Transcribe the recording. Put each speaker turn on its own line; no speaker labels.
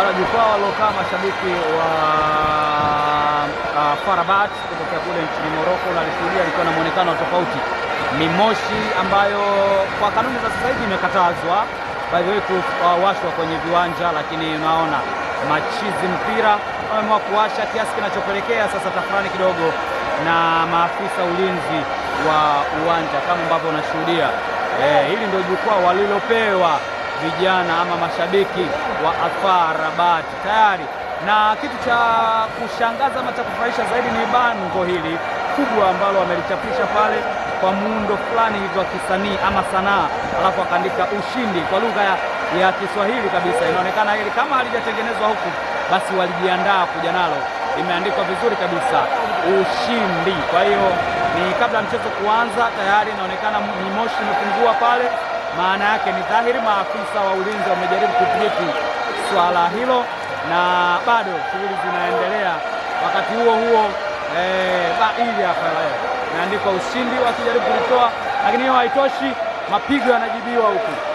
bado jukwaa waliokaa mashabiki wa uh, Farabat kutokea kule nchini Moroko na lishuhudia likiwa na mwonekano tofauti. Ni moshi ambayo kwa kanuni za sasa hivi imekatazwa by the way kuwashwa kwenye viwanja, lakini unaona machizi mpira wameamua kuwasha kiasi kinachopelekea sasa tafurani kidogo na maafisa ulinzi wa uwanja kama ambavyo unashuhudia. Eh, hili ndio jukwaa walilopewa vijana ama mashabiki wa AFAR Rabat tayari, na kitu cha kushangaza ama cha kufurahisha zaidi ni bango hili kubwa ambalo wamelichapisha pale kwa muundo fulani hivi wa kisanii ama sanaa, alafu akaandika ushindi kwa lugha ya, ya Kiswahili kabisa. Inaonekana hili kama halijatengenezwa huku, basi walijiandaa kuja nalo, imeandikwa vizuri kabisa ushindi. Kwa hiyo ni kabla mchezo kuanza, tayari inaonekana moshi imepungua pale. Maana yake ni dhahiri maafisa wa ulinzi wamejaribu kudhibiti swala hilo, na bado shughuli zinaendelea. Wakati huo huo eh, Bailya imeandikwa ushindi wakijaribu kulitoa, lakini hiyo haitoshi, mapigo yanajibiwa huku